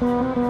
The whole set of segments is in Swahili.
Thank you.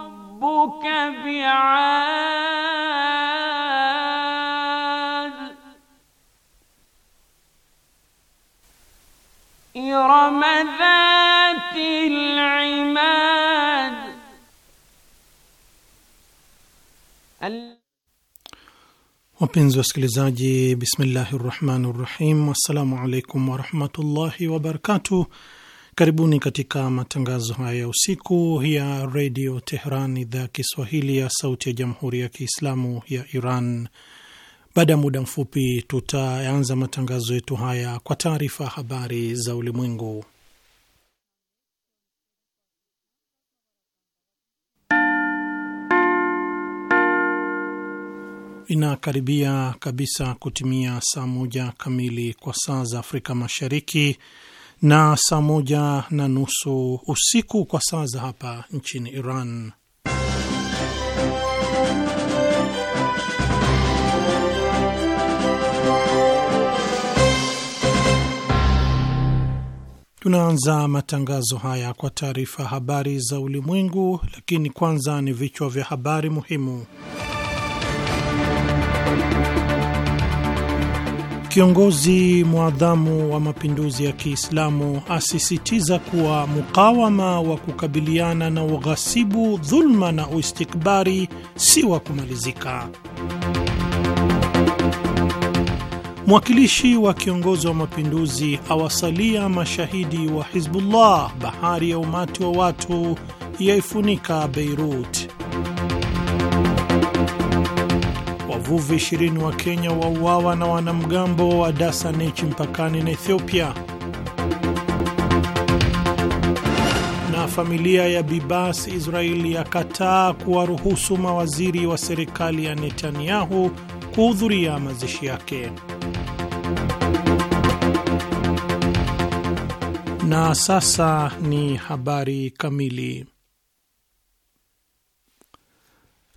ربك بعاد إرم ذات العماد Wapenzi wasikilizaji, bismillahi rrahmani rrahim. Assalamu alaikum warahmatullahi wabarakatuh. Karibuni katika matangazo haya ya usiku ya redio Tehran, idhaa ya Kiswahili ya sauti ya jamhuri ya Kiislamu ya Iran. Baada ya muda mfupi, tutaanza matangazo yetu haya kwa taarifa habari za ulimwengu. Inakaribia kabisa kutimia saa moja kamili kwa saa za Afrika Mashariki, na saa moja na nusu usiku kwa saa za hapa nchini Iran. Tunaanza matangazo haya kwa taarifa habari za ulimwengu, lakini kwanza ni vichwa vya habari muhimu. Kiongozi mwadhamu wa mapinduzi ya Kiislamu asisitiza kuwa mukawama wa kukabiliana na ughasibu, dhulma na uistikbari si wa kumalizika. Mwakilishi wa kiongozi wa mapinduzi awasalia mashahidi wa Hizbullah, bahari ya umati wa watu yaifunika Beirut. Wavuvi 20 wa Kenya wauawa na wanamgambo wa dasanechi mpakani na Ethiopia. Na familia ya Bibas Israeli yakataa kuwaruhusu mawaziri wa serikali ya Netanyahu kuhudhuria mazishi yake. Na sasa ni habari kamili.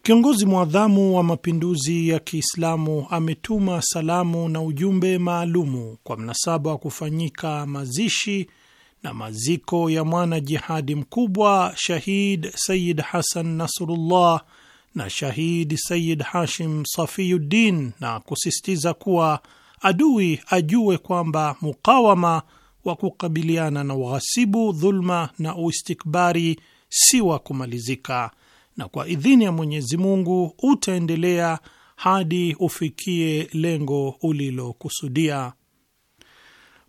Kiongozi mwadhamu wa mapinduzi ya Kiislamu ametuma salamu na ujumbe maalumu kwa mnasaba wa kufanyika mazishi na maziko ya mwana jihadi mkubwa Shahid Sayid Hasan Nasrullah na Shahid Sayid Hashim Safiyuddin na kusisitiza kuwa adui ajue kwamba mukawama wa kukabiliana na ughasibu, dhulma na uistikbari si wa kumalizika na kwa idhini ya Mwenyezi Mungu utaendelea hadi ufikie lengo ulilokusudia.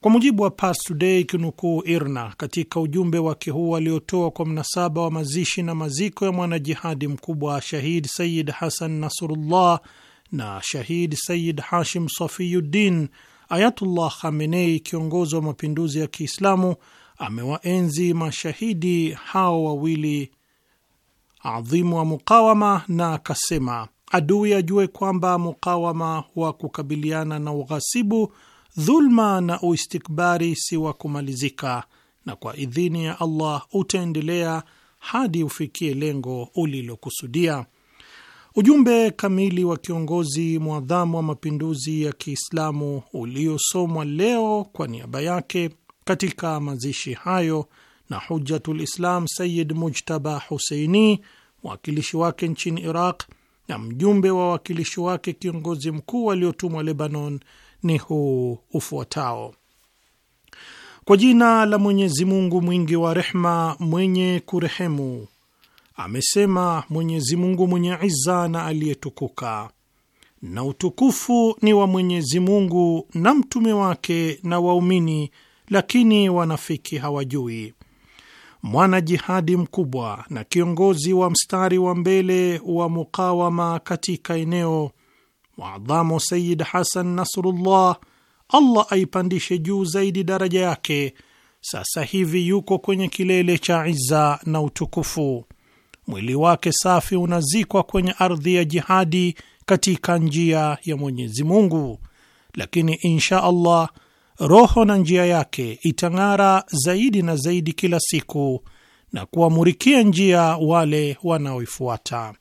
Kwa mujibu wa Pars Today, kinukuu IRNA katika ujumbe wake huu aliotoa kwa mnasaba wa mazishi na maziko ya mwanajihadi mkubwa Shahid Sayid Hasan Nasrullah na Shahid Sayid Hashim Safiyuddin, Ayatullah Khamenei, kiongozi wa mapinduzi ya Kiislamu, amewaenzi mashahidi hao wawili adhimu wa mukawama, na akasema adui ajue kwamba mukawama wa kukabiliana na ughasibu, dhulma na uistikbari si wa kumalizika, na kwa idhini ya Allah utaendelea hadi ufikie lengo ulilokusudia. Ujumbe kamili wa kiongozi mwadhamu wa mapinduzi ya Kiislamu uliosomwa leo kwa niaba yake katika mazishi hayo na Hujatul Islam Sayyid Mujtaba Huseini mwakilishi wake nchini Iraq na mjumbe wa wakilishi wake kiongozi mkuu aliotumwa Lebanon ni huu ufuatao: kwa jina la Mwenyezi Mungu mwingi wa rehma, mwenye kurehemu. Amesema Mwenyezi Mungu mwenye iza na aliyetukuka, na utukufu ni wa Mwenyezi Mungu na mtume wake na waumini, lakini wanafiki hawajui mwanajihadi mkubwa na kiongozi wa mstari wa mbele wa mukawama katika eneo, mwadhamu Sayid Hasan Nasrullah, Allah aipandishe juu zaidi daraja yake, sasa hivi yuko kwenye kilele cha iza na utukufu. Mwili wake safi unazikwa kwenye ardhi ya jihadi katika njia ya Mwenyezi Mungu, lakini insha Allah roho na njia yake itang'ara zaidi na zaidi kila siku na kuwamurikia njia wale wanaoifuata.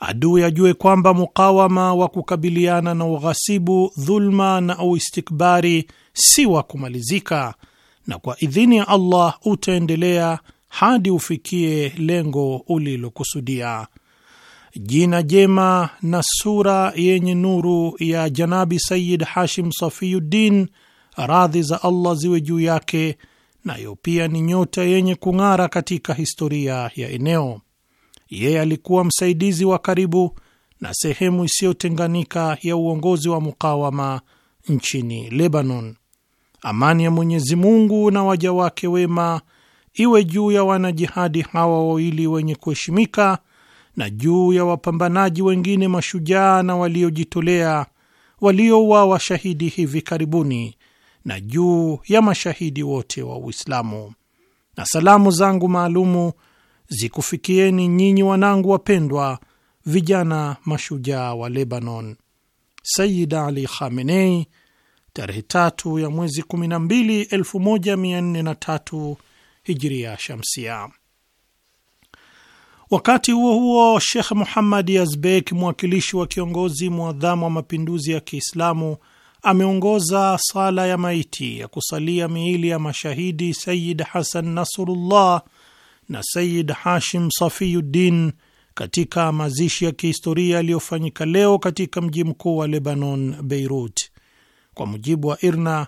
Adui ajue kwamba mukawama wa kukabiliana na ughasibu, dhulma na uistikbari si wa kumalizika, na kwa idhini ya Allah utaendelea hadi ufikie lengo ulilokusudia jina jema na sura yenye nuru ya Janabi sayid Hashim Safiyuddin, radhi za Allah ziwe juu yake, nayo pia ni nyota yenye kung'ara katika historia ya eneo. Yeye alikuwa msaidizi wa karibu na sehemu isiyotenganika ya uongozi wa mukawama nchini Lebanon. Amani ya Mwenyezi Mungu na waja wake wema iwe juu ya wanajihadi hawa wawili wenye kuheshimika na juu ya wapambanaji wengine mashujaa na waliojitolea waliouawa shahidi hivi karibuni na juu ya mashahidi wote wa Uislamu. Na salamu zangu maalumu zikufikieni nyinyi wanangu wapendwa, vijana mashujaa wa Lebanon. Sayyid Ali Khamenei, tarehe tatu ya mwezi 12, 1403 hijria shamsia. Wakati huo huo, Shekh Muhammad Yazbek, mwakilishi wa kiongozi mwadhamu wa mapinduzi ya Kiislamu, ameongoza sala ya maiti ya kusalia miili ya mashahidi Sayid Hasan Nasrullah na Sayid Hashim Safiyuddin katika mazishi ya kihistoria yaliyofanyika leo katika mji mkuu wa Lebanon, Beirut. Kwa mujibu wa IRNA,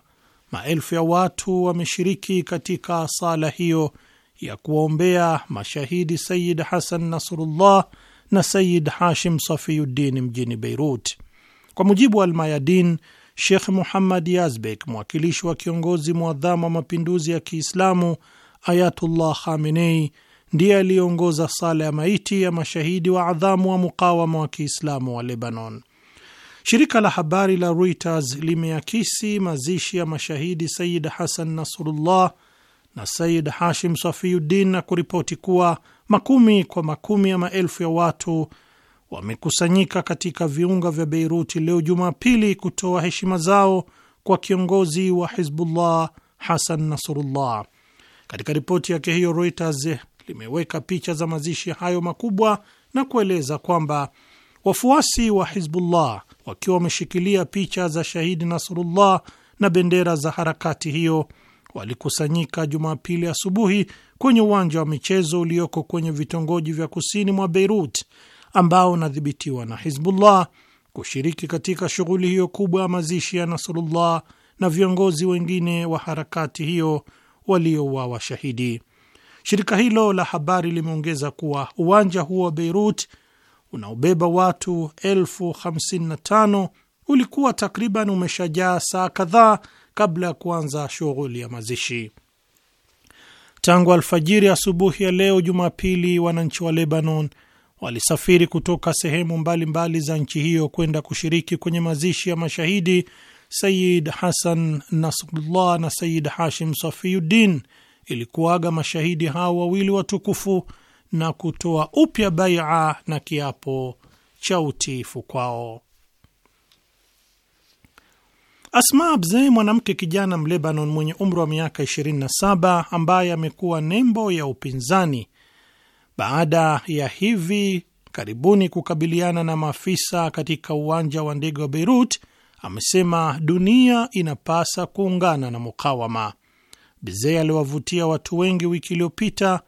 maelfu ya watu wameshiriki katika sala hiyo ya kuwaombea mashahidi Sayid Hasan Nasrullah na Sayid Hashim Safiyuddin mjini Beirut. Kwa mujibu wa Almayadin, Shekh Muhammad Yazbek, mwakilishi wa kiongozi mwadhamu wa mapinduzi ya Kiislamu Ayatullah Khamenei, ndiye aliyeongoza sala ya maiti ya mashahidi wa adhamu wa mukawama wa Kiislamu wa Lebanon. Shirika la habari la Reuters limeakisi mazishi ya mashahidi Sayid Hasan Nasrullah na Said Hashim Safiuddin na kuripoti kuwa makumi kwa makumi ya maelfu ya watu wamekusanyika katika viunga vya Beiruti leo Jumapili kutoa heshima zao kwa kiongozi wa Hizbullah Hasan Nasrullah. Katika ripoti yake hiyo, Reuters limeweka picha za mazishi hayo makubwa na kueleza kwamba wafuasi wa Hizbullah wakiwa wameshikilia picha za shahidi Nasrullah na bendera za harakati hiyo walikusanyika Jumapili asubuhi kwenye uwanja wa michezo ulioko kwenye vitongoji vya kusini mwa Beirut ambao unadhibitiwa na Hizbullah kushiriki katika shughuli hiyo kubwa ya mazishi ya Nasrullah na viongozi wengine wa harakati hiyo waliouawa shahidi. Shirika hilo la habari limeongeza kuwa uwanja huo wa Beirut unaobeba watu elfu 55 ulikuwa takriban umeshajaa saa kadhaa kabla ya kuanza shughuli ya mazishi. Tangu alfajiri asubuhi ya leo Jumapili, wananchi wa Lebanon walisafiri kutoka sehemu mbalimbali mbali za nchi hiyo kwenda kushiriki kwenye mazishi ya mashahidi Sayid Hasan Nasrullah na Sayid Hashim Safiuddin ili kuaga mashahidi hao wawili watukufu na kutoa upya baia na kiapo cha utiifu kwao. Asma Abzee, mwanamke kijana Mlebanon mwenye umri wa miaka 27 ambaye amekuwa nembo ya upinzani baada ya hivi karibuni kukabiliana na maafisa katika uwanja wa ndege wa Beirut, amesema dunia inapasa kuungana na mukawama. Bzee aliwavutia watu wengi wiki iliyopita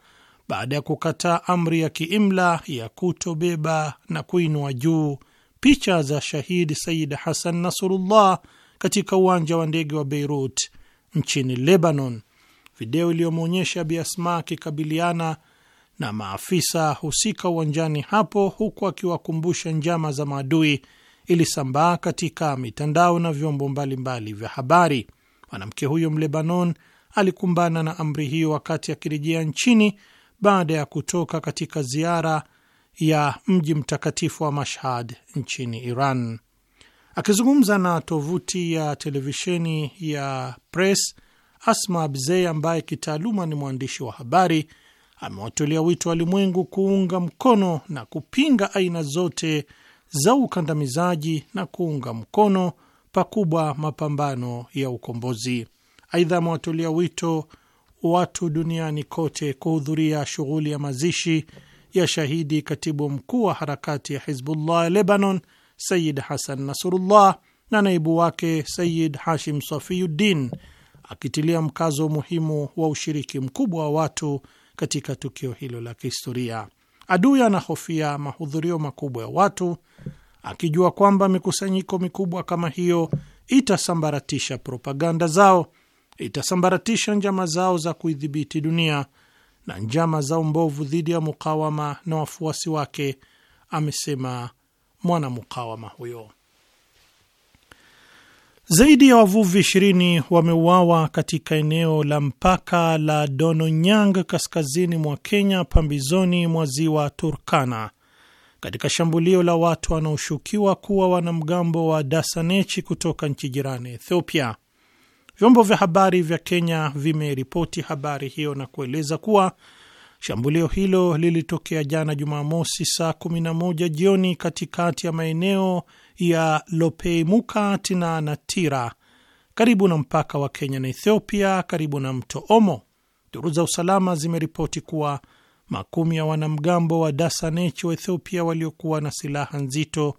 baada ya kukataa amri ya kiimla ya kutobeba na kuinua juu picha za shahid Sayid Hasan Nasrullah katika uwanja wa ndege wa Beirut nchini Lebanon, video iliyomwonyesha Bi Asma akikabiliana na maafisa husika uwanjani hapo huku akiwakumbusha njama za maadui ilisambaa katika mitandao na vyombo mbalimbali vya habari. Mwanamke huyo Mlebanon alikumbana na amri hiyo wakati akirejea nchini baada ya kutoka katika ziara ya mji mtakatifu wa Mashhad nchini Iran. Akizungumza na tovuti ya televisheni ya Press, Asma Abzey ambaye kitaaluma ni mwandishi wa habari amewatolea wito walimwengu kuunga mkono na kupinga aina zote za ukandamizaji na kuunga mkono pakubwa mapambano ya ukombozi. Aidha, amewatolea wito watu duniani kote kuhudhuria shughuli ya mazishi ya shahidi katibu mkuu wa harakati ya Hizbullah ya Lebanon Sayid Hasan Nasrullah na naibu wake Sayid Hashim Safiuddin, akitilia mkazo muhimu wa ushiriki mkubwa wa watu katika tukio hilo la kihistoria. Adui anahofia mahudhurio makubwa ya watu, akijua kwamba mikusanyiko mikubwa kama hiyo itasambaratisha propaganda zao, itasambaratisha njama zao za kuidhibiti dunia na njama zao mbovu dhidi ya mukawama na wafuasi wake, amesema mwanamukawama huyo. Zaidi ya wavuvi ishirini wameuawa katika eneo la mpaka la Dononyang kaskazini mwa Kenya, pambizoni mwa ziwa Turkana, katika shambulio la watu wanaoshukiwa kuwa wanamgambo wa Dasanechi kutoka nchi jirani Ethiopia. Vyombo vya habari vya Kenya vimeripoti habari hiyo na kueleza kuwa Shambulio hilo lilitokea jana Jumamosi saa 11 jioni katikati ya maeneo ya Lopeimukat na Natira karibu na mpaka wa Kenya na Ethiopia karibu na mto Omo. Duru za usalama zimeripoti kuwa makumi ya wanamgambo wa Dasanech wa Ethiopia waliokuwa na silaha nzito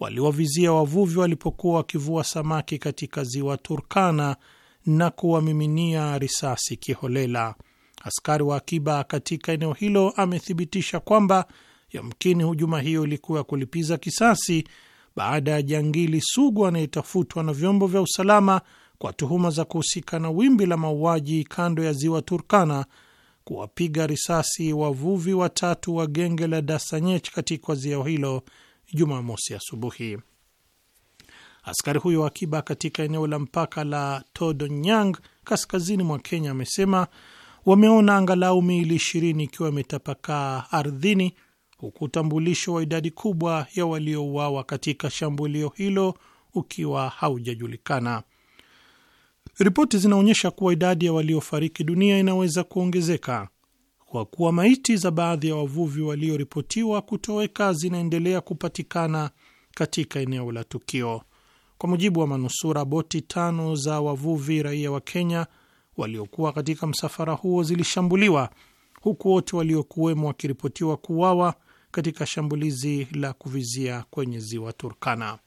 waliwavizia wavuvi walipokuwa wakivua samaki katika ziwa Turkana na kuwamiminia risasi kiholela. Askari wa akiba katika eneo hilo amethibitisha kwamba yamkini hujuma hiyo ilikuwa ya kulipiza kisasi baada ya jangili sugu anayetafutwa na vyombo vya usalama kwa tuhuma za kuhusika na wimbi la mauaji kando ya ziwa Turkana kuwapiga risasi wavuvi watatu wa genge la Dasanyech katika ziwa hilo Jumamosi asubuhi. Askari huyo wa akiba katika eneo la mpaka la Todonyang kaskazini mwa Kenya amesema wameona angalau miili ishirini ikiwa imetapakaa ardhini, huku utambulisho wa idadi kubwa ya waliouawa katika shambulio hilo ukiwa haujajulikana. Ripoti zinaonyesha kuwa idadi ya waliofariki dunia inaweza kuongezeka kwa kuwa maiti za baadhi ya wavuvi walioripotiwa kutoweka zinaendelea kupatikana katika eneo la tukio. Kwa mujibu wa manusura, boti tano za wavuvi raia wa Kenya waliokuwa katika msafara huo zilishambuliwa huku wote waliokuwemo wakiripotiwa kuuawa katika shambulizi la kuvizia kwenye ziwa Turkana.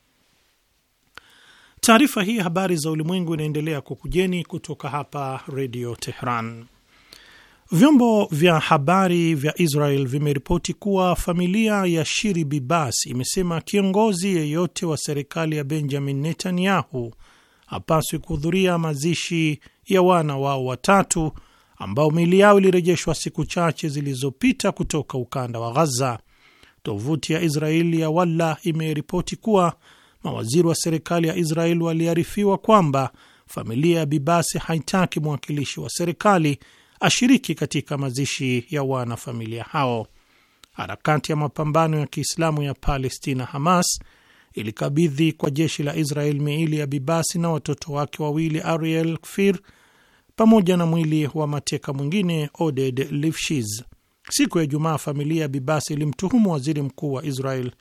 Taarifa hii habari za ulimwengu inaendelea kukujeni kutoka hapa Redio Tehran. Vyombo vya habari vya Israel vimeripoti kuwa familia ya Shiri Bibas imesema kiongozi yeyote wa serikali ya Benjamin Netanyahu hapaswi kuhudhuria mazishi ya wana wao watatu ambao miili yao ilirejeshwa siku chache zilizopita kutoka ukanda wa Ghaza. Tovuti ya Israeli ya Walla imeripoti kuwa mawaziri wa serikali ya Israeli waliarifiwa kwamba familia ya Bibasi haitaki mwakilishi wa serikali ashiriki katika mazishi ya wanafamilia hao. Harakati ya mapambano ya Kiislamu ya Palestina, Hamas, ilikabidhi kwa jeshi la Israel miili ya Bibasi na watoto wake wawili Ariel Kfir pamoja na mwili wa mateka mwingine Oded Lifshiz. Siku ya Jumaa, familia ya Bibasi ilimtuhumu waziri mkuu wa Israel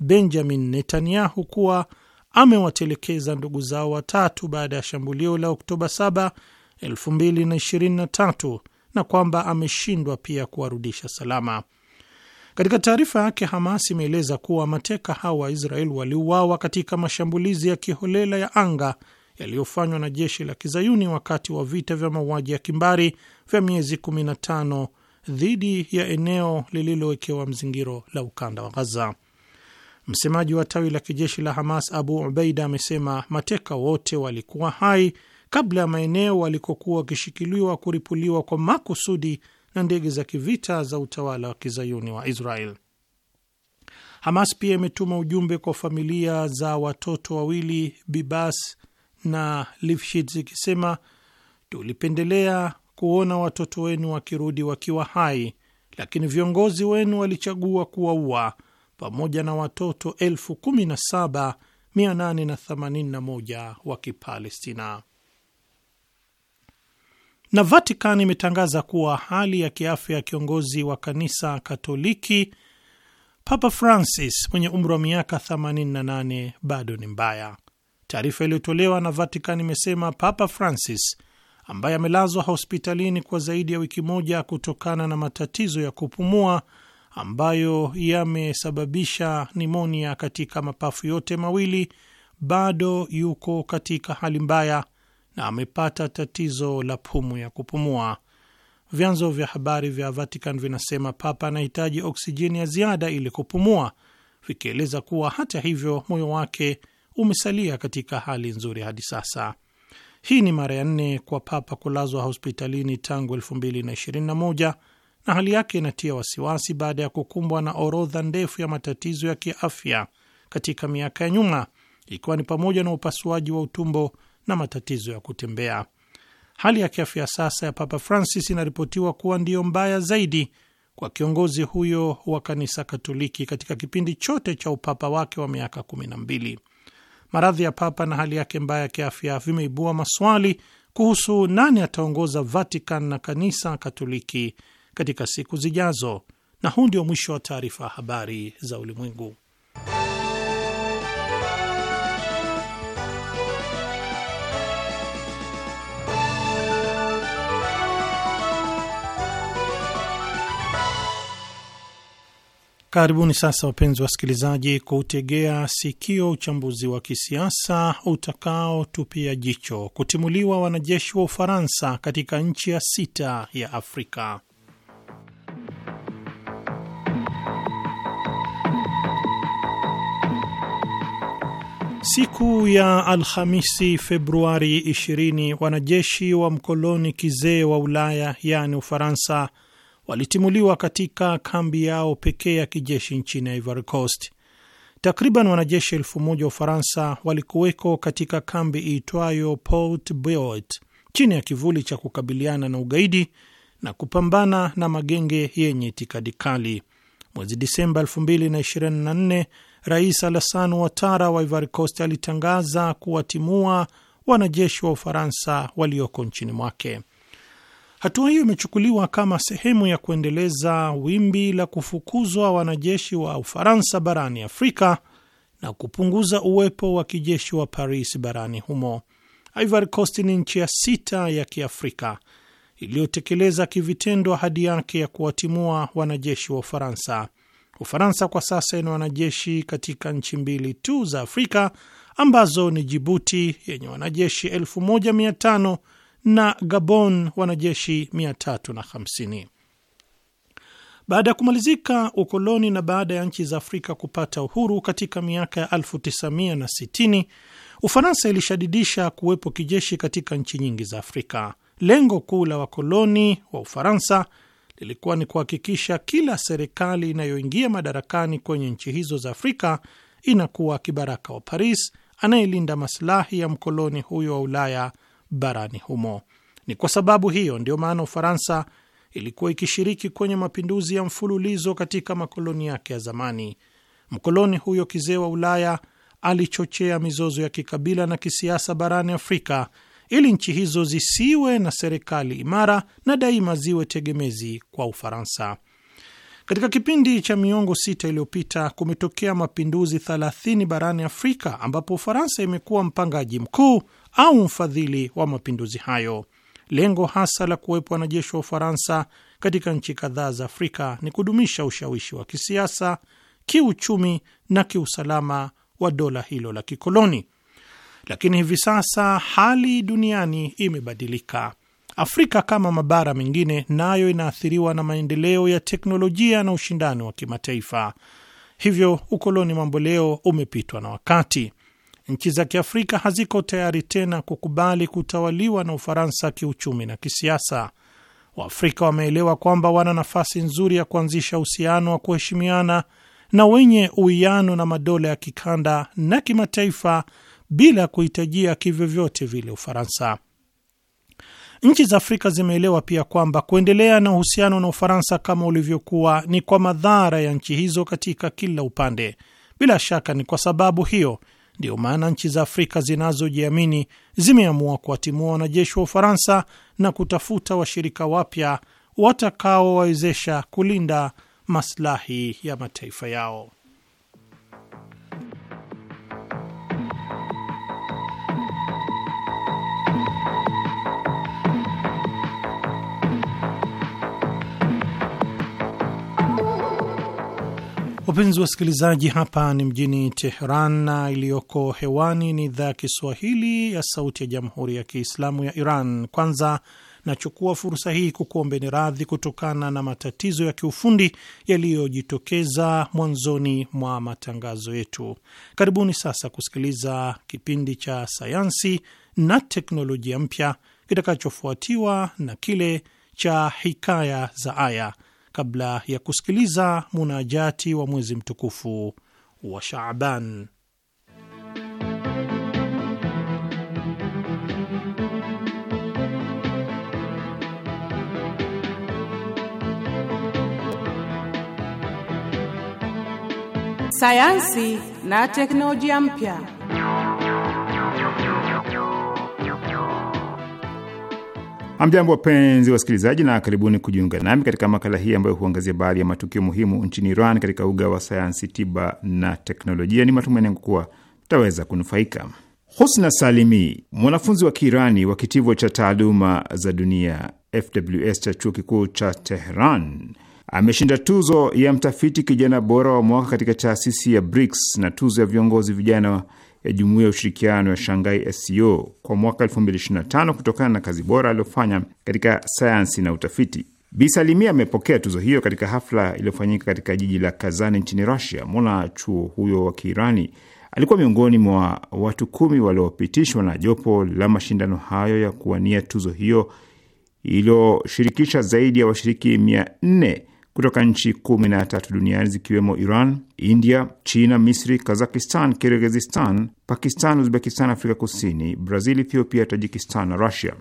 Benjamin Netanyahu kuwa amewatelekeza ndugu zao watatu baada ya shambulio la Oktoba 7, 2023 na kwamba ameshindwa pia kuwarudisha salama. Katika taarifa yake, Hamas imeeleza kuwa mateka hao wa Israel waliuawa katika mashambulizi ya kiholela ya anga yaliyofanywa na jeshi la kizayuni wakati wa vita vya mauaji ya kimbari vya miezi 15 dhidi ya eneo lililowekewa mzingiro la ukanda wa Ghaza. Msemaji wa tawi la kijeshi la Hamas Abu Ubaida amesema mateka wote walikuwa hai kabla ya maeneo walikokuwa wakishikiliwa kuripuliwa kwa makusudi na ndege za kivita za utawala wa kizayuni wa Israel. Hamas pia imetuma ujumbe kwa familia za watoto wawili Bibas na Lifshit zikisema, tulipendelea kuona watoto wenu wakirudi wakiwa hai, lakini viongozi wenu walichagua kuwaua pamoja na watoto 17881 wa Kipalestina. Na Vatican imetangaza kuwa hali ya kiafya ya kiongozi wa kanisa Katoliki Papa Francis mwenye umri wa miaka 88 bado ni mbaya. Taarifa iliyotolewa na Vatican imesema Papa Francis ambaye amelazwa hospitalini kwa zaidi ya wiki moja kutokana na matatizo ya kupumua ambayo yamesababisha nimonia katika mapafu yote mawili bado yuko katika hali mbaya na amepata tatizo la pumu ya kupumua. Vyanzo vya habari vya Vatican vinasema Papa anahitaji oksijeni ya ziada ili kupumua, vikieleza kuwa hata hivyo moyo wake umesalia katika hali nzuri hadi sasa. Hii ni mara ya nne kwa Papa kulazwa hospitalini tangu 2021 na hali yake inatia wasiwasi baada ya kukumbwa na orodha ndefu ya matatizo ya kiafya katika miaka ya nyuma, ikiwa ni pamoja na upasuaji wa utumbo na matatizo ya kutembea. Hali ya kiafya sasa ya Papa Francis inaripotiwa kuwa ndiyo mbaya zaidi kwa kiongozi huyo wa kanisa Katoliki katika kipindi chote cha upapa wake wa miaka kumi na mbili. Maradhi ya papa na hali yake mbaya ya kiafya vimeibua maswali kuhusu nani ataongoza Vatican na kanisa Katoliki katika siku zijazo. Na huu ndio mwisho wa taarifa habari za ulimwengu. Karibuni sasa wapenzi wasikilizaji, kuutegea sikio uchambuzi wa kisiasa utakaotupia jicho kutimuliwa wanajeshi wa Ufaransa katika nchi ya sita ya Afrika. Siku ya Alhamisi, Februari 20, wanajeshi wa mkoloni kizee wa Ulaya yaani Ufaransa walitimuliwa katika kambi yao pekee ya kijeshi nchini Ivory Coast. Takriban wanajeshi elfu moja wa Ufaransa walikuweko katika kambi iitwayo Port beot chini ya kivuli cha kukabiliana na ugaidi na kupambana na magenge yenye itikadi kali. Mwezi Disemba 2024 Rais alasan watara wa Ivory Coast alitangaza kuwatimua wanajeshi wa Ufaransa walioko nchini mwake. Hatua hiyo imechukuliwa kama sehemu ya kuendeleza wimbi la kufukuzwa wanajeshi wa Ufaransa barani Afrika na kupunguza uwepo wa kijeshi wa Paris barani humo. Ivory Coast ni nchi ya sita ya Kiafrika iliyotekeleza kivitendo ahadi yake ya kuwatimua wanajeshi wa Ufaransa. Ufaransa kwa sasa ina wanajeshi katika nchi mbili tu za Afrika ambazo ni Jibuti yenye wanajeshi 1500 na Gabon wanajeshi 350. Baada ya kumalizika ukoloni na baada ya nchi za Afrika kupata uhuru katika miaka ya 1960, Ufaransa ilishadidisha kuwepo kijeshi katika nchi nyingi za Afrika. Lengo kuu la wakoloni wa Ufaransa lilikuwa ni kuhakikisha kila serikali inayoingia madarakani kwenye nchi hizo za Afrika inakuwa kibaraka wa Paris anayelinda masilahi ya mkoloni huyo wa Ulaya barani humo. Ni kwa sababu hiyo ndiyo maana Ufaransa ilikuwa ikishiriki kwenye mapinduzi ya mfululizo katika makoloni yake ya zamani. Mkoloni huyo kizee wa Ulaya alichochea mizozo ya kikabila na kisiasa barani Afrika ili nchi hizo zisiwe na serikali imara na daima ziwe tegemezi kwa Ufaransa. Katika kipindi cha miongo sita iliyopita kumetokea mapinduzi 30 barani Afrika ambapo Ufaransa imekuwa mpangaji mkuu au mfadhili wa mapinduzi hayo. Lengo hasa la kuwepo wanajeshi wa Ufaransa katika nchi kadhaa za Afrika ni kudumisha ushawishi wa kisiasa, kiuchumi na kiusalama wa dola hilo la kikoloni. Lakini hivi sasa hali duniani imebadilika. Afrika kama mabara mengine, nayo inaathiriwa na maendeleo ya teknolojia na ushindani wa kimataifa. Hivyo ukoloni mambo leo umepitwa na wakati nchi za Kiafrika haziko tayari tena kukubali kutawaliwa na Ufaransa kiuchumi na kisiasa. Waafrika wameelewa kwamba wana nafasi nzuri ya kuanzisha uhusiano wa kuheshimiana na wenye uwiano na madola ya kikanda na kimataifa bila kuhitajia kivyovyote vile Ufaransa. Nchi za Afrika zimeelewa pia kwamba kuendelea na uhusiano na Ufaransa kama ulivyokuwa ni kwa madhara ya nchi hizo katika kila upande. Bila shaka ni kwa sababu hiyo Ndiyo maana nchi za Afrika zinazojiamini zimeamua kuwatimua wanajeshi wa Ufaransa na kutafuta washirika wapya watakaowawezesha kulinda maslahi ya mataifa yao. Wapenzi wasikilizaji, hapa ni mjini Teheran na iliyoko hewani ni idhaa ya Kiswahili ya Sauti ya Jamhuri ya Kiislamu ya Iran. Kwanza nachukua fursa hii kukuombeni radhi kutokana na matatizo ya kiufundi yaliyojitokeza mwanzoni mwa matangazo yetu. Karibuni sasa kusikiliza kipindi cha sayansi na teknolojia mpya kitakachofuatiwa na kile cha hikaya za aya kabla ya kusikiliza munajati wa mwezi mtukufu wa Shaaban. Sayansi na teknolojia mpya. Hamjambo, wapenzi wasikilizaji, na karibuni kujiunga nami katika makala hii ambayo huangazia baadhi ya matukio muhimu nchini Iran katika uga wa sayansi, tiba na teknolojia. Ni matumaini yangu kuwa taweza kunufaika. Husna Salimi, mwanafunzi wa Kiirani wa kitivo cha taaluma za dunia FWS cha chuo kikuu cha Tehran, ameshinda tuzo ya mtafiti kijana bora wa mwaka katika taasisi ya BRICS na tuzo ya viongozi vijana ya Jumuiya ya Ushirikiano ya Shanghai SCO e kwa mwaka 2025 kutokana na kazi bora aliyofanya katika sayansi na utafiti. Bi amepokea tuzo hiyo katika hafla iliyofanyika katika jiji la Kazani nchini Rusia. chuo huyo wa Kiirani alikuwa miongoni mwa watu kumi waliopitishwa na jopo la mashindano hayo ya kuwania tuzo hiyo iliyoshirikisha zaidi ya washiriki mia nne kutoka nchi kumi na tatu duniani zikiwemo Iran, India, China, Misri, Kazakistan, Kirgizistan, Pakistan, Uzbekistan, Afrika Kusini, Brazil, Ethiopia, Tajikistan na Rusia.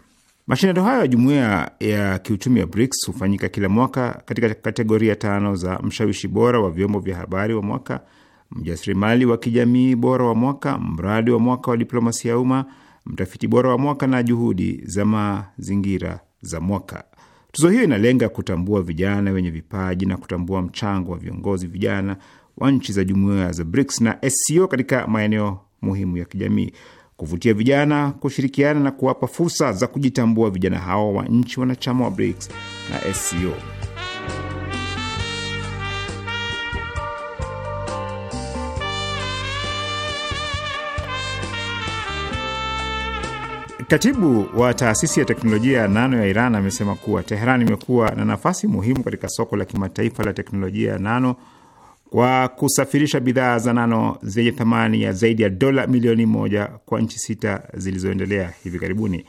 Mashindano hayo ya jumuiya ya kiuchumi ya BRICS hufanyika kila mwaka katika kategoria tano za mshawishi bora wa vyombo vya habari wa mwaka, mjasirimali wa kijamii bora wa mwaka, mradi wa mwaka wa diplomasia ya umma, mtafiti bora wa mwaka na juhudi za mazingira za mwaka. Tuzo hiyo inalenga kutambua vijana wenye vipaji na kutambua mchango wa viongozi vijana wa nchi za jumuiya za BRICS na SCO katika maeneo muhimu ya kijamii, kuvutia vijana kushirikiana na kuwapa fursa za kujitambua vijana hao wa nchi wanachama wa BRICS na SCO. Katibu wa taasisi ya teknolojia ya nano ya Iran amesema kuwa Teheran imekuwa na nafasi muhimu katika soko la kimataifa la teknolojia ya nano kwa kusafirisha bidhaa za nano zenye thamani ya zaidi ya dola milioni moja kwa nchi sita zilizoendelea hivi karibuni.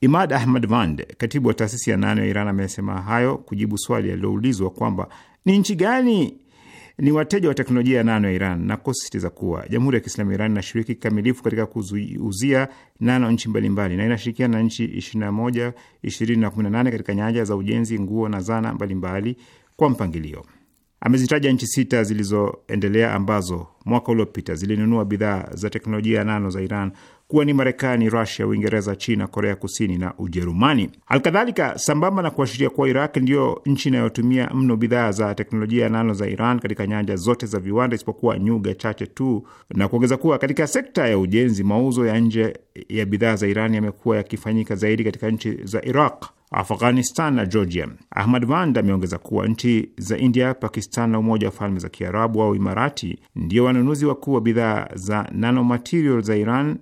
Imad Ahmad Vand, katibu wa taasisi ya nano ya Iran, amesema hayo kujibu swali aliloulizwa kwamba ni nchi gani ni wateja wa teknolojia ya nano ya Iran na kusisitiza kuwa Jamhuri ya Kiislamu ya Iran inashiriki kikamilifu katika kuuzia nano nchi mbalimbali na inashirikiana na nchi 21, 20 na 18 katika nyanja za ujenzi, nguo na zana mbalimbali kwa mpangilio. Amezitaja nchi sita zilizoendelea ambazo mwaka uliopita zilinunua bidhaa za teknolojia ya nano za Iran kuwa ni Marekani, Rusia, Uingereza, China, Korea Kusini na Ujerumani. Alkadhalika, sambamba na kuashiria kuwa Iraq ndiyo nchi inayotumia mno bidhaa za teknolojia ya nano za Iran katika nyanja zote za viwanda isipokuwa nyuga chache tu, na kuongeza kuwa katika sekta ya ujenzi, mauzo ya nje ya bidhaa za Iran yamekuwa yakifanyika zaidi katika nchi za Iraq. Afghanistan na Georgia. Ahmad Vand ameongeza kuwa nchi za India, Pakistan na Umoja wa Falme za Kiarabu au Imarati ndio wanunuzi wakuu wa bidhaa za nanomaterial za Iran,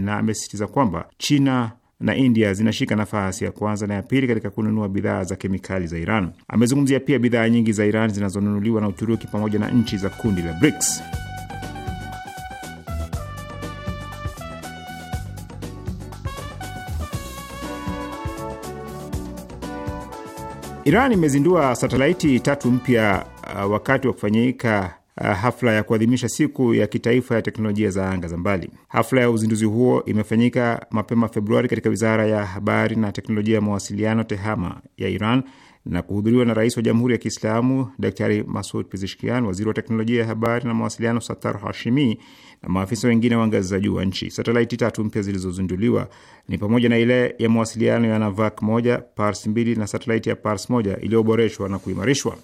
na amesisitiza kwamba China na India zinashika nafasi ya kwanza na ya pili katika kununua bidhaa za kemikali za Iran. Amezungumzia pia bidhaa nyingi za Iran zinazonunuliwa na Uturuki pamoja na nchi za kundi la BRICS. Iran imezindua satelaiti tatu mpya uh, wakati wa kufanyika uh, hafla ya kuadhimisha siku ya kitaifa ya teknolojia za anga za mbali. Hafla ya uzinduzi huo imefanyika mapema Februari katika wizara ya habari na teknolojia ya mawasiliano TEHAMA ya Iran na kuhudhuriwa na rais wa Jamhuri ya Kiislamu Daktari Masud Pizishkian, waziri wa teknolojia ya habari na mawasiliano Satar Hashimi na maafisa wengine wa ngazi za juu wa nchi. Satelaiti tatu mpya zilizozinduliwa ni pamoja na ile ya mawasiliano ya Navak moja, Pars mbili na satelaiti ya Pars moja iliyoboreshwa na kuimarishwa.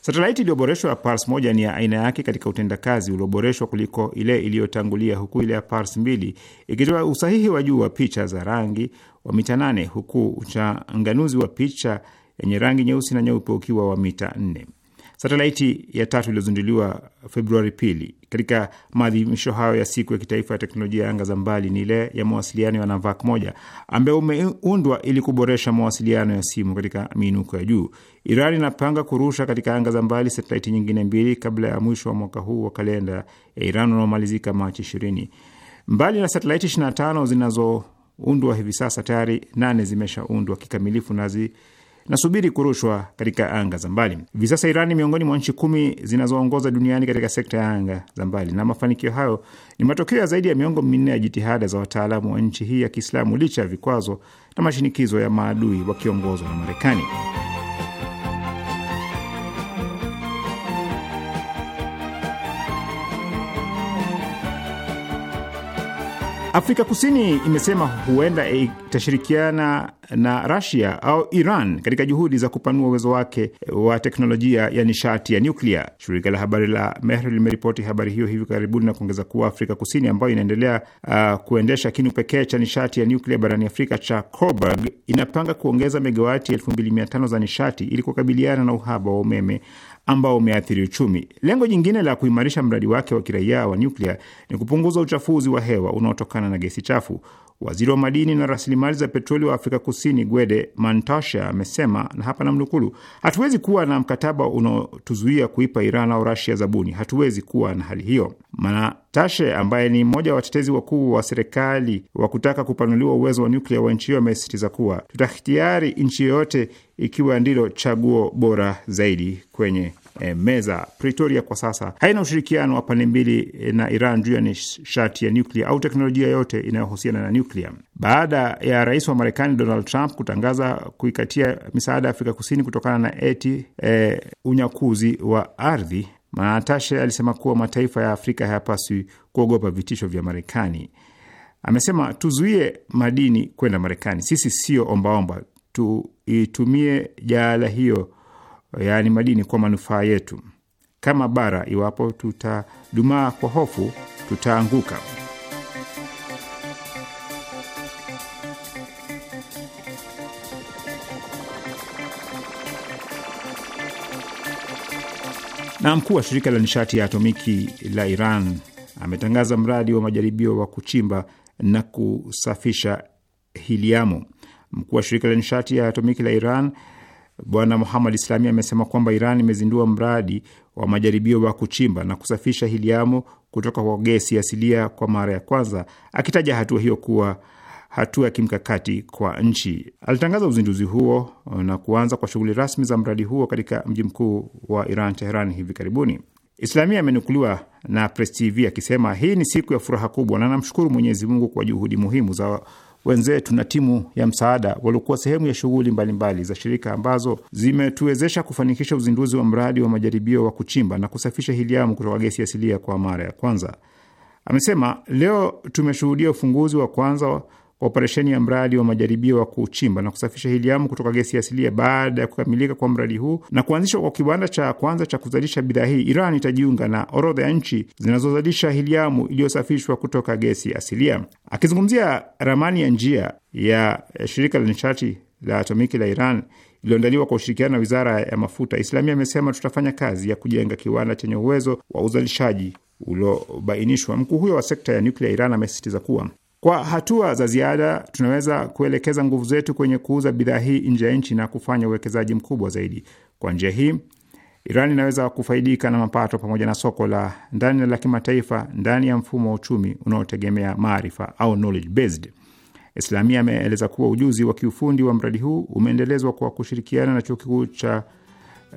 Satelaiti iliyoboreshwa ya Pars moja ni ya aina yake katika utendakazi ulioboreshwa kuliko ile iliyotangulia, huku ile ya Pars mbili ikitoa usahihi wa juu wa picha za rangi wa mita nane huku uchanganuzi wa picha yenye rangi nyeusi na nyeupe ukiwa wa mita nne. Satelaiti ya tatu iliyozinduliwa Februari pili katika maadhimisho hayo ya siku ya kitaifa ya teknolojia ya anga za mbali ni ile ya mawasiliano ya Navak moja ambayo umeundwa ili kuboresha mawasiliano ya simu katika miinuko ya juu. Iran inapanga kurusha katika anga za mbali satelaiti nyingine mbili kabla ya mwisho wa mwaka huu wa kalenda ya Iran unaomalizika Machi ishirini. Mbali na satelaiti na tano zinazoundwa hivi sasa, tayari nane zimeshaundwa kikamilifu nazi nasubiri kurushwa katika anga za mbali. Hivi sasa Iran ni miongoni mwa nchi kumi zinazoongoza duniani katika sekta ya anga za mbali, na mafanikio hayo ni matokeo ya zaidi ya miongo minne ya jitihada za wataalamu wa nchi hii ya Kiislamu licha ya vikwazo na mashinikizo ya maadui wakiongozwa na Marekani. Afrika Kusini imesema huenda itashirikiana na Rasia au Iran katika juhudi za kupanua uwezo wake wa teknolojia ya nishati ya nyuklia. Shirika la habari la Mehr limeripoti habari hiyo hivi karibuni na kuongeza kuwa Afrika Kusini ambayo inaendelea uh, kuendesha kinu pekee cha nishati ya nyuklia barani Afrika cha Coburg inapanga kuongeza megawati 2500 za nishati ili kukabiliana na uhaba wa umeme ambao umeathiri uchumi. Lengo jingine la kuimarisha mradi wake wa kiraia wa nyuklia ni kupunguza uchafuzi wa hewa unaotokana na gesi chafu. Waziri wa madini na rasilimali za petroli wa Afrika Kusini Gwede Mantashe amesema, na hapa namnukulu: hatuwezi kuwa na mkataba unaotuzuia kuipa Iran au Rasia zabuni. Hatuwezi kuwa na hali hiyo. Mantashe ambaye ni mmoja wa watetezi wakuu wa serikali wa kutaka kupanuliwa uwezo wa nyuklia wa nchi hiyo amesisitiza kuwa tutahtiari nchi yoyote ikiwa ndilo chaguo bora zaidi kwenye Eh, meza. Pretoria kwa sasa haina ushirikiano wa pande mbili eh, na Iran juu ya nishati ya nuklia au teknolojia yote inayohusiana na nuklia. Baada ya rais wa Marekani Donald Trump kutangaza kuikatia misaada ya Afrika Kusini kutokana na eti e, unyakuzi wa ardhi, Matashe alisema kuwa mataifa ya Afrika hayapaswi kuogopa vitisho vya Marekani. Amesema tuzuie madini kwenda Marekani, sisi sio ombaomba, tuitumie jaala hiyo yaani madini, kwa manufaa yetu kama bara. Iwapo tutadumaa kwa hofu, tutaanguka. Na mkuu wa shirika la nishati ya atomiki la Iran ametangaza mradi wa majaribio wa kuchimba na kusafisha hiliamu. Mkuu wa shirika la nishati ya atomiki la Iran Bwana Muhamad Islami amesema kwamba Iran imezindua mradi wa majaribio wa kuchimba na kusafisha hiliamu kutoka kwa gesi asilia kwa mara ya kwanza, akitaja hatua hiyo kuwa hatua ya kimkakati kwa nchi. Alitangaza uzinduzi huo uh, na kuanza kwa shughuli rasmi za mradi huo katika mji mkuu wa Iran, Teheran, hivi karibuni. Islamia amenukuliwa na Press TV akisema hii ni siku ya furaha kubwa na namshukuru Mwenyezi Mungu kwa juhudi muhimu za wenzetu na timu ya msaada waliokuwa sehemu ya shughuli mbalimbali za shirika ambazo zimetuwezesha kufanikisha uzinduzi wa mradi wa majaribio wa kuchimba na kusafisha hiliamu kutoka gesi asilia kwa mara ya kwanza. Amesema leo tumeshuhudia ufunguzi wa kwanza kwa operesheni ya mradi wa majaribio wa kuchimba na kusafisha hiliamu kutoka gesi asilia. Baada ya kukamilika kwa mradi huu na kuanzishwa kwa kiwanda cha kwanza cha kuzalisha bidhaa hii, Iran itajiunga na orodha ya nchi zinazozalisha hiliamu iliyosafishwa kutoka gesi asilia. Akizungumzia ramani ya njia ya shirika la nishati la atomiki la Iran iliyoandaliwa kwa ushirikiano na wizara ya mafuta, Islamia amesema tutafanya kazi ya kujenga kiwanda chenye uwezo wa uzalishaji uliobainishwa. Mkuu huyo wa sekta ya nyuklia Iran amesisitiza kuwa kwa hatua za ziada, tunaweza kuelekeza nguvu zetu kwenye kuuza bidhaa hii nje ya nchi na kufanya uwekezaji mkubwa zaidi. Kwa njia hii, Iran inaweza kufaidika na mapato pamoja na soko la ndani na la kimataifa ndani ya mfumo wa uchumi unaotegemea maarifa au knowledge based. Islamia ameeleza kuwa ujuzi wa kiufundi wa mradi huu umeendelezwa kwa kushirikiana na chuo kikuu cha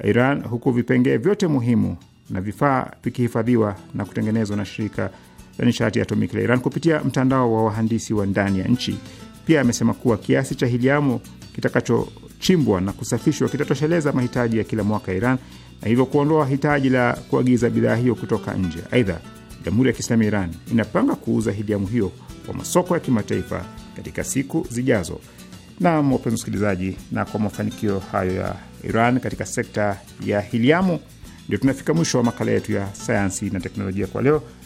Iran, huku vipengee vyote muhimu na vifaa vikihifadhiwa na kutengenezwa na shirika ya nishati ya atomiki la Iran kupitia mtandao wa wahandisi wa ndani ya nchi. Pia amesema kuwa kiasi cha hiliamu kitakachochimbwa na kusafishwa kitatosheleza mahitaji ya kila mwaka ya Iran na hivyo kuondoa hitaji la kuagiza bidhaa hiyo kutoka nje. Aidha, Jamhuri ya Kiislamu ya Iran inapanga kuuza hiliamu hiyo kwa masoko ya kimataifa katika siku zijazo. Nam, wapenzi msikilizaji, na kwa mafanikio hayo ya Iran katika sekta ya hiliamu, ndio tunafika mwisho wa makala yetu ya sayansi na teknolojia kwa leo.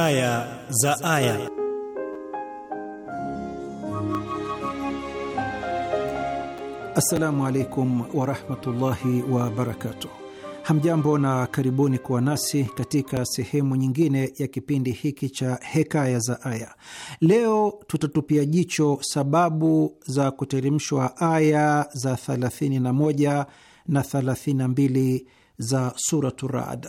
Hekaya za Aya. Assalamu alaikum warahmatullahi wabarakatuh. Hamjambo na karibuni kuwa nasi katika sehemu nyingine ya kipindi hiki cha Hekaya za Aya. Leo tutatupia jicho sababu za kuteremshwa aya za 31 na 32 za Suratu Raad.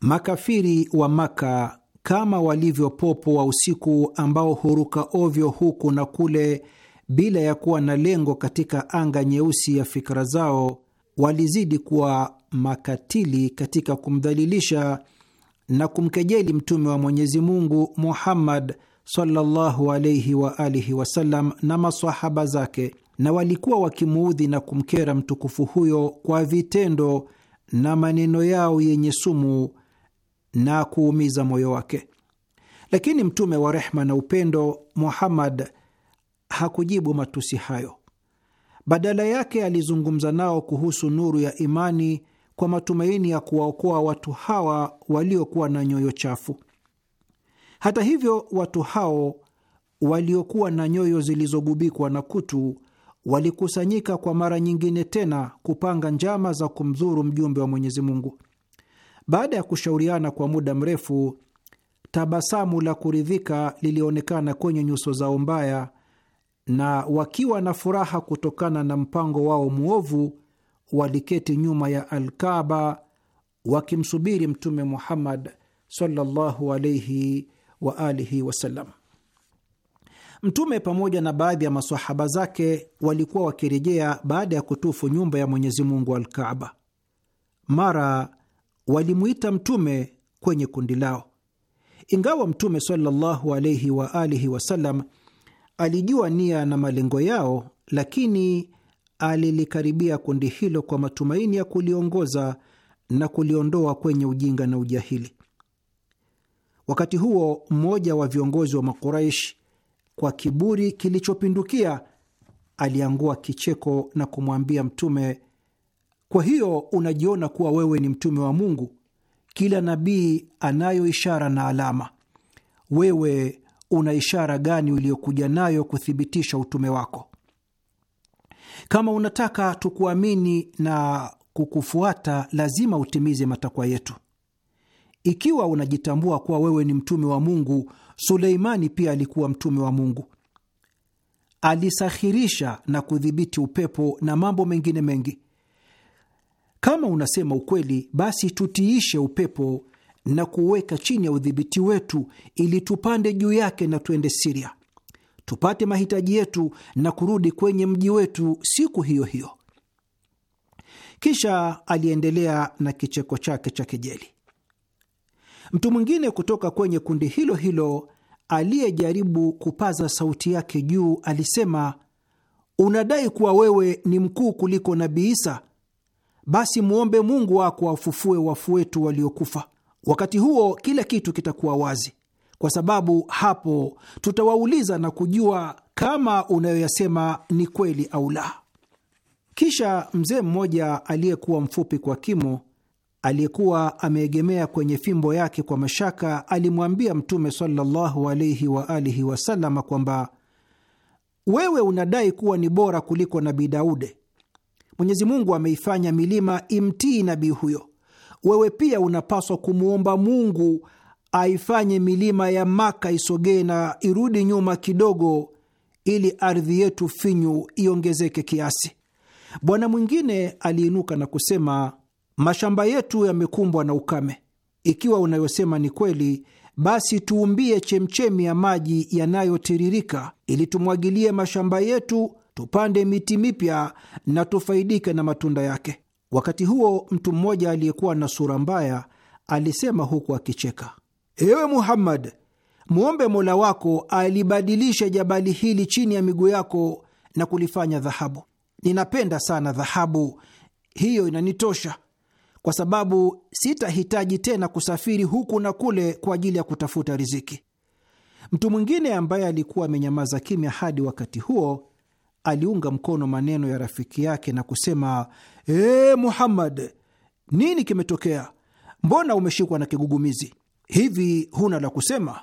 Makafiri wa Maka kama walivyo popo wa usiku ambao huruka ovyo huku na kule bila ya kuwa na lengo katika anga nyeusi ya fikra zao, walizidi kuwa makatili katika kumdhalilisha na kumkejeli Mtume wa Mwenyezi Mungu Muhammad sallallahu alayhi wa alihi wasallam na masahaba zake, na walikuwa wakimuudhi na kumkera mtukufu huyo kwa vitendo na maneno yao yenye sumu na kuumiza moyo wake. Lakini mtume wa rehma na upendo Muhammad hakujibu matusi hayo. Badala yake alizungumza nao kuhusu nuru ya imani kwa matumaini ya kuwaokoa watu hawa waliokuwa na nyoyo chafu. Hata hivyo, watu hao waliokuwa na nyoyo zilizogubikwa na kutu walikusanyika kwa mara nyingine tena kupanga njama za kumdhuru mjumbe wa Mwenyezi Mungu. Baada ya kushauriana kwa muda mrefu, tabasamu la kuridhika lilionekana kwenye nyuso zao mbaya, na wakiwa na furaha kutokana na mpango wao mwovu, waliketi nyuma ya Alkaba wakimsubiri Mtume Muhammad sallallahu alaihi wa alihi wasallam. Mtume pamoja na baadhi ya masahaba zake walikuwa wakirejea baada ya kutufu nyumba ya Mwenyezi Mungu Mara walimwita mtume kwenye kundi lao. Ingawa mtume sallallahu alaihi wa alihi wasallam alijua nia na malengo yao, lakini alilikaribia kundi hilo kwa matumaini ya kuliongoza na kuliondoa kwenye ujinga na ujahili. Wakati huo mmoja wa viongozi wa Makuraish kwa kiburi kilichopindukia aliangua kicheko na kumwambia Mtume, kwa hiyo unajiona kuwa wewe ni mtume wa Mungu. Kila nabii anayo ishara na alama. Wewe una ishara gani uliyokuja nayo kuthibitisha utume wako? Kama unataka tukuamini na kukufuata, lazima utimize matakwa yetu. Ikiwa unajitambua kuwa wewe ni mtume wa Mungu, Suleimani pia alikuwa mtume wa Mungu. Alisahirisha na kudhibiti upepo na mambo mengine mengi. Kama unasema ukweli, basi tutiishe upepo na kuweka chini ya udhibiti wetu, ili tupande juu yake na tuende Siria tupate mahitaji yetu na kurudi kwenye mji wetu siku hiyo hiyo. Kisha aliendelea na kicheko chake cha kejeli. Mtu mwingine kutoka kwenye kundi hilo hilo aliyejaribu kupaza sauti yake juu alisema, unadai kuwa wewe ni mkuu kuliko Nabii Isa basi mwombe Mungu wako afufue wafu wetu waliokufa. Wakati huo kila kitu kitakuwa wazi, kwa sababu hapo tutawauliza na kujua kama unayoyasema ni kweli au la. Kisha mzee mmoja aliyekuwa mfupi kwa kimo, aliyekuwa ameegemea kwenye fimbo yake kwa mashaka, alimwambia Mtume sallallahu alaihi wa alihi kwamba wewe unadai kuwa ni bora kuliko Nabii Daude Mwenyezi Mungu ameifanya milima imtii nabii huyo. Wewe pia unapaswa kumwomba Mungu aifanye milima ya Maka isogee na irudi nyuma kidogo, ili ardhi yetu finyu iongezeke kiasi. Bwana mwingine aliinuka na kusema, mashamba yetu yamekumbwa na ukame. Ikiwa unayosema ni kweli, basi tuumbie chemchemi ya maji yanayotiririka, ili tumwagilie mashamba yetu tupande miti mipya na tufaidike na matunda yake. Wakati huo mtu mmoja aliyekuwa na sura mbaya alisema huku akicheka, ewe Muhammad, mwombe Mola wako alibadilishe jabali hili chini ya miguu yako na kulifanya dhahabu. Ninapenda sana dhahabu, hiyo inanitosha kwa sababu sitahitaji tena kusafiri huku na kule kwa ajili ya kutafuta riziki. Mtu mwingine ambaye alikuwa amenyamaza kimya hadi wakati huo aliunga mkono maneno ya rafiki yake na kusema, ee Muhammad, nini kimetokea? Mbona umeshikwa na kigugumizi hivi? Huna la kusema?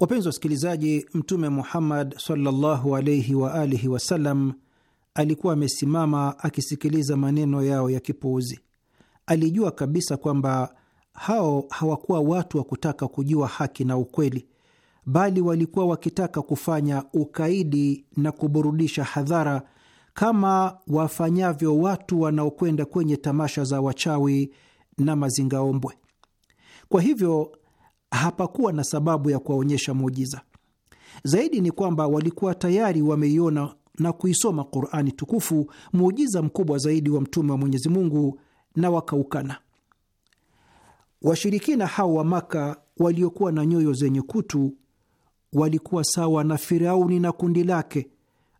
Wapenzi wasikilizaji, Mtume Muhammad sallallahu alaihi wa alihi wasallam alikuwa amesimama akisikiliza maneno yao ya kipuuzi. Alijua kabisa kwamba hao hawakuwa watu wa kutaka kujua haki na ukweli, bali walikuwa wakitaka kufanya ukaidi na kuburudisha hadhara kama wafanyavyo watu wanaokwenda kwenye tamasha za wachawi na mazingaombwe. Kwa hivyo hapakuwa na sababu ya kuwaonyesha muujiza. Zaidi ni kwamba walikuwa tayari wameiona na kuisoma Qurani tukufu, muujiza mkubwa zaidi wa mtume wa Mwenyezi Mungu, na wakaukana. Washirikina hao wa Maka waliokuwa na nyoyo zenye kutu walikuwa sawa na Firauni na kundi lake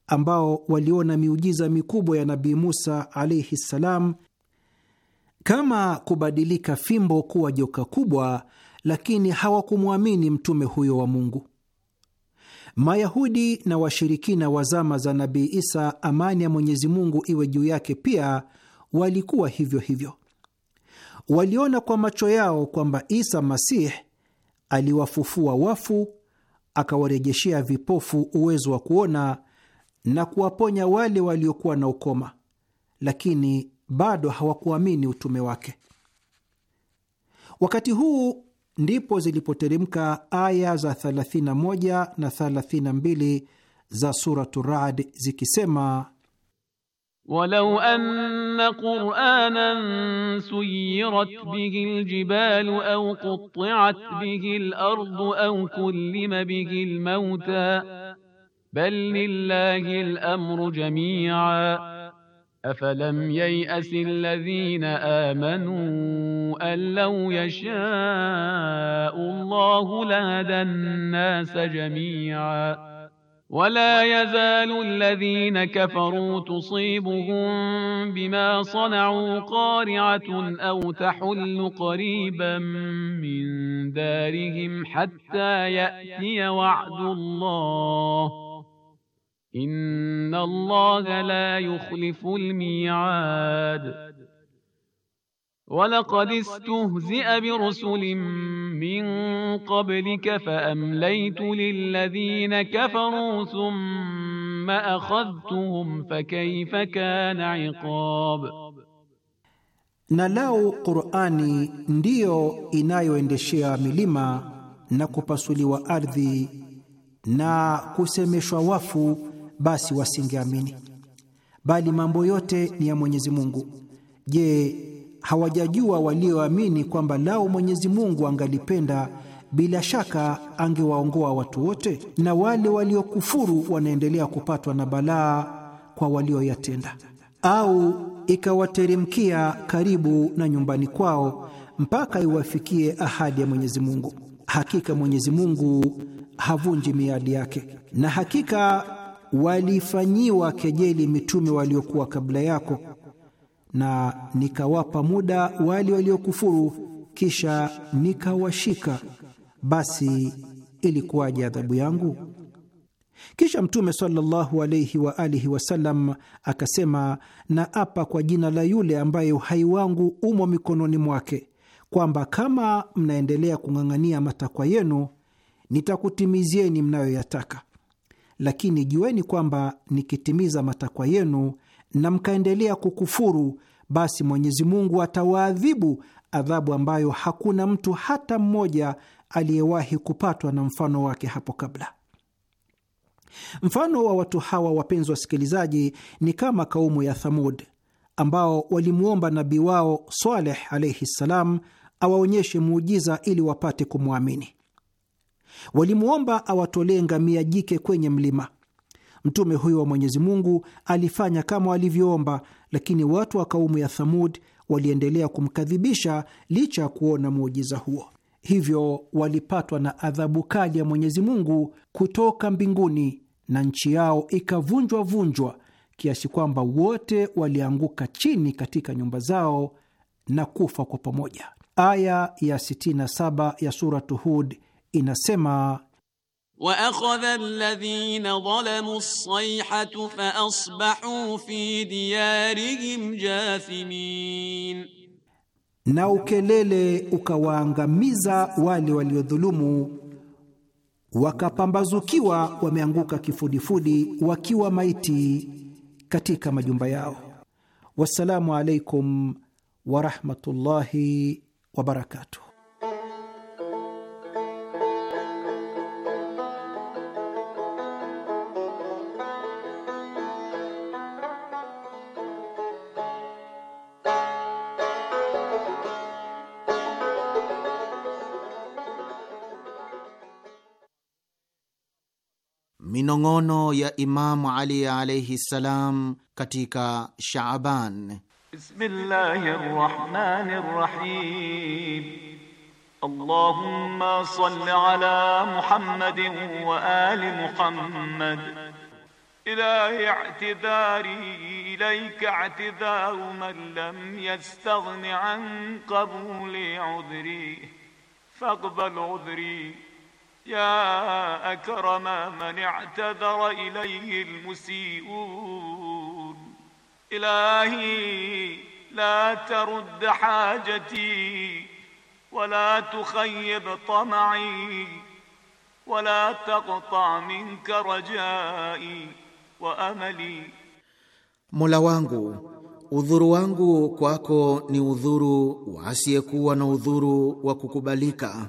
ambao waliona miujiza mikubwa ya Nabii Musa alaihi ssalam, kama kubadilika fimbo kuwa joka kubwa lakini hawakumwamini mtume huyo wa Mungu. Mayahudi na washirikina wa zama za Nabii Isa, amani ya Mwenyezi Mungu iwe juu yake, pia walikuwa hivyo hivyo. Waliona kwa macho yao kwamba Isa Masih aliwafufua wafu, akawarejeshea vipofu uwezo wa kuona na kuwaponya wale waliokuwa na ukoma, lakini bado hawakuamini utume wake. Wakati huu ndipo zilipoteremka aya za 31 na 32 za Suratu Rad zikisema Walau anna Qur'anan suyirat bihi aljibalu au qutti'at bihi alardu au kullima bihi almauta bal lillahi alamru jami'a أفلم ييأس الذين آمنوا أن لو يشاء الله لهدى الناس جميعا ولا يزال الذين كفروا تصيبهم بما صنعوا قارعة أو تحل قريبا من دارهم حتى يأتي وعد الله إن الله لا يخلف الميعاد ولقد استهزئ برسل من قبلك فأمليت للذين كفروا ثم أخذتهم فكيف كان عقاب na lau Qur'ani ndiyo inayoendeshea milima na kupasuliwa ardhi na kusemeshwa wafu basi wasingeamini. Bali mambo yote ni ya Mwenyezi Mungu. Je, hawajajua walioamini kwamba lao Mwenyezi Mungu angalipenda bila shaka angewaongoa watu wote? Na wale waliokufuru wanaendelea kupatwa na balaa kwa walioyatenda, au ikawateremkia karibu na nyumbani kwao mpaka iwafikie ahadi ya Mwenyezi Mungu. Hakika Mwenyezi Mungu havunji miadi yake, na hakika walifanyiwa kejeli mitume waliokuwa kabla yako, na nikawapa muda wale waliokufuru, kisha nikawashika. Basi ilikuwaje adhabu yangu? Kisha Mtume sallallahu alayhi wa alihi wasallam akasema, na apa kwa jina la yule ambaye uhai wangu umo mikononi mwake, kwamba kama mnaendelea kung'ang'ania matakwa yenu, nitakutimizieni mnayoyataka lakini jueni kwamba nikitimiza matakwa yenu na mkaendelea kukufuru, basi Mwenyezi Mungu atawaadhibu adhabu ambayo hakuna mtu hata mmoja aliyewahi kupatwa na mfano wake hapo kabla. Mfano wa watu hawa, wapenzi wasikilizaji, ni kama kaumu ya Thamud ambao walimwomba nabii wao Saleh alaihi ssalam awaonyeshe muujiza ili wapate kumwamini. Walimwomba awatolee ngamia jike kwenye mlima. Mtume huyo wa Mwenyezi Mungu alifanya kama walivyoomba, lakini watu wa kaumu ya Thamud waliendelea kumkadhibisha licha ya kuona muujiza huo. Hivyo walipatwa na adhabu kali ya Mwenyezi Mungu kutoka mbinguni na nchi yao ikavunjwa vunjwa kiasi kwamba wote walianguka chini katika nyumba zao na kufa kwa pamoja. Aya ya 67 ya suratu Hud inasema wa akhadha alladhina zalamu as-sayhatu fa asbahu fi diyarihim jathimin, na ukelele ukawaangamiza wale waliodhulumu wakapambazukiwa wameanguka kifudifudi wakiwa maiti katika majumba yao. Wassalamu alaikum warahmatullahi wabarakatuh. minong'ono ya Imamu Ali alaihi ssalam katika Shaaban. Bismillahir Rahmanir rahim. Allahumma salli ala Muhammadin wa ali Muhammad. Ilahi اعتذاري ilayka اعتذار man lam yastaghni an qabuli عذري Faqbal عذري يا أكرم من اعتذر إليه المسيئون إلهي لا ترد حاجتي ولا تخيب طمعي ولا تقطع منك رجائي وأملي Mola wangu udhuru wangu kwako ni udhuru wa asiyekuwa na udhuru wa kukubalika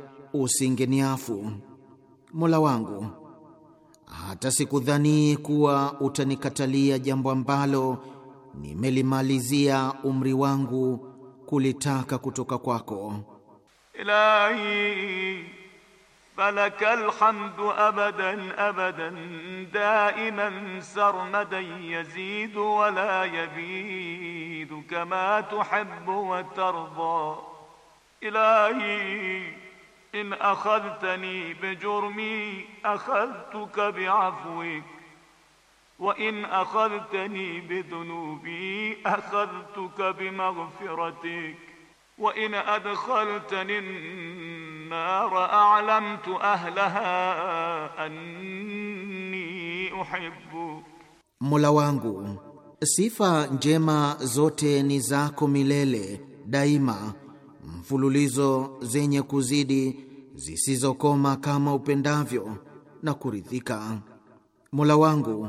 usingeniafu. Mola wangu, hata sikudhani kuwa utanikatalia jambo ambalo nimelimalizia umri wangu kulitaka kutoka kwako. Ilahi falakal hamdu abadan abadan daiman sarmadan yazidu wala yabidu kama tuhibbu wa tarda ilahi إن أخذتني بجرمي أخذتك بعفوك وإن أخذتني بذنوبي أخذتك بمغفرتك وإن أدخلتني النار أعلمت أهلها أني أحبك ملوانغو سيفا جيما زوتي نزاكو ميليلي دايما mfululizo zenye kuzidi zisizokoma kama upendavyo na kuridhika. Mola wangu,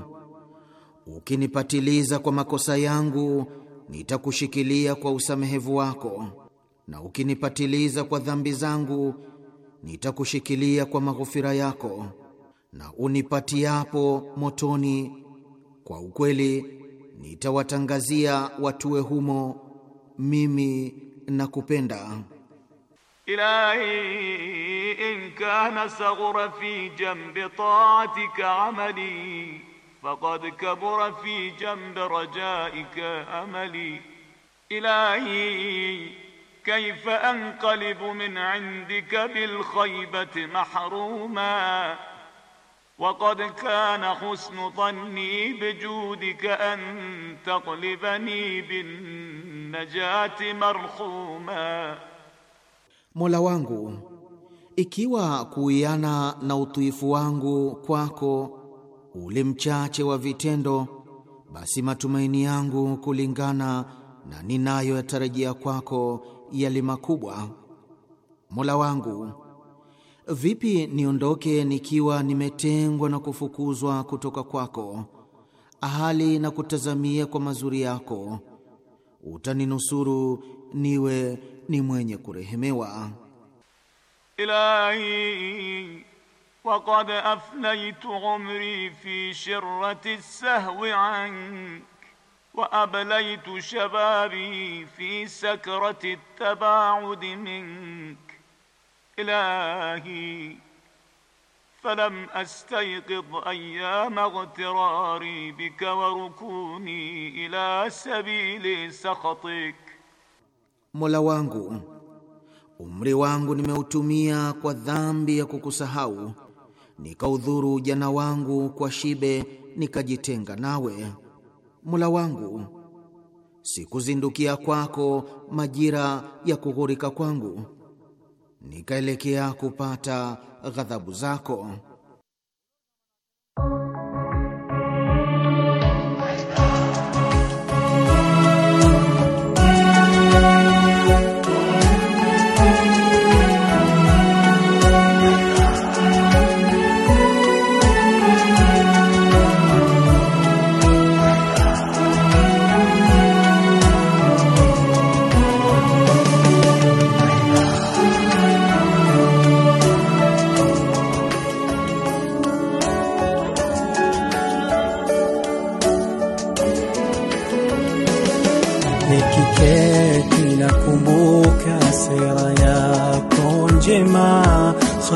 ukinipatiliza kwa makosa yangu nitakushikilia kwa usamehevu wako, na ukinipatiliza kwa dhambi zangu nitakushikilia kwa maghofira yako, na unipatiapo motoni kwa ukweli nitawatangazia watue humo mimi na kupenda. Ilahi in kana saghura fi jambi ta'atika amali faqad kabura fi jambi rajaika amali إلهي كيف أنقلب من عندك بالخيبة محروما وقد كان حسن ظني بجودك أن تقلبني بالنار najati marhuma, Mola wangu, ikiwa kuiana na utuifu wangu kwako ule mchache wa vitendo, basi matumaini yangu kulingana na ninayoyatarajia kwako yali makubwa. Mola wangu, vipi niondoke nikiwa nimetengwa na kufukuzwa kutoka kwako, ahali na kutazamia kwa mazuri yako utaninusuru niwe ni mwenye kurehemewa. Ilahi waqad afnaytu umri fi shirrati sahwi ank wa ablaytu shababi fi sakrati tabaudi mink ilahi فلم أستيقظ أيام اغتراري بك وركوني إلى سبيل سخطك Mola wangu, umri wangu nimeutumia kwa dhambi ya kukusahau, nikaudhuru jana wangu kwa shibe, nikajitenga nawe. Mola wangu, sikuzindukia kwako majira ya kughurika kwangu nikaelekea kupata ghadhabu zako.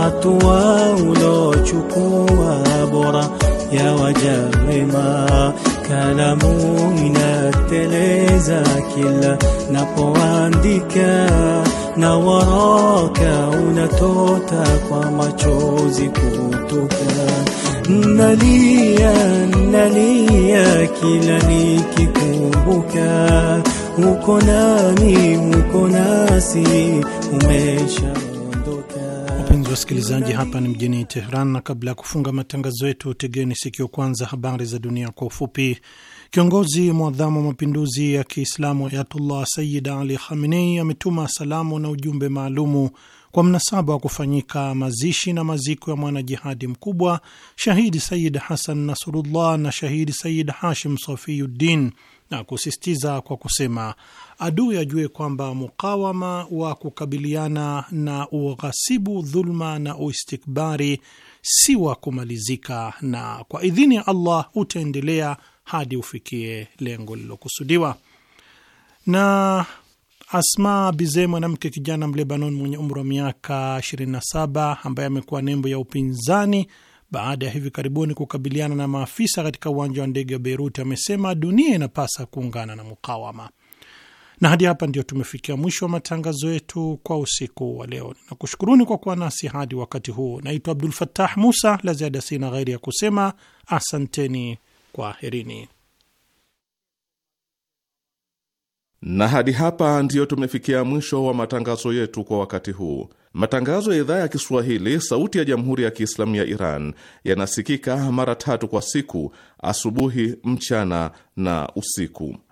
hatua ulochukua bora ya waja wema. Kalamu inateleza kila napoandika, na waraka unatota kwa machozi kutoka. Nalia, nalia kila nikikumbuka, uko nami, uko nasi, umesha wasikilizaji, hapa ni mjini Teheran, na kabla ya kufunga matangazo yetu, tegeni sikio kwanza habari za dunia kwa ufupi. Kiongozi mwadhamu wa mapinduzi ya Kiislamu Ayatullah Sayyid Ali Khamenei ametuma salamu na ujumbe maalumu kwa mnasaba wa kufanyika mazishi na maziko ya mwanajihadi mkubwa shahidi Sayid Hasan Nasrullah na shahidi Sayid Hashim Safiyuddin na kusisitiza kwa kusema Adui ajue kwamba mukawama wa kukabiliana na ughasibu, dhulma na uistikbari si wa kumalizika, na kwa idhini ya Allah utaendelea hadi ufikie lengo lilokusudiwa. Na Asma Bize, mwanamke kijana Mlebanon mwenye umri wa miaka 27 ambaye amekuwa nembo ya upinzani baada ya hivi karibuni kukabiliana na maafisa katika uwanja wa ndege wa Beirut, amesema dunia inapasa kuungana na mukawama. Na hadi hapa ndio tumefikia mwisho wa matangazo yetu kwa usiku wa leo. Nakushukuruni kwa kuwa nasi hadi wakati huu. Naitwa Abdul Fattah Musa. La ziada sina ghairi ya kusema asanteni, kwaherini. Na hadi hapa ndiyo tumefikia mwisho wa matangazo yetu kwa wakati huu. Matangazo ya idhaa ya Kiswahili, sauti ya jamhuri ya kiislamu ya Iran yanasikika mara tatu kwa siku: asubuhi, mchana na usiku.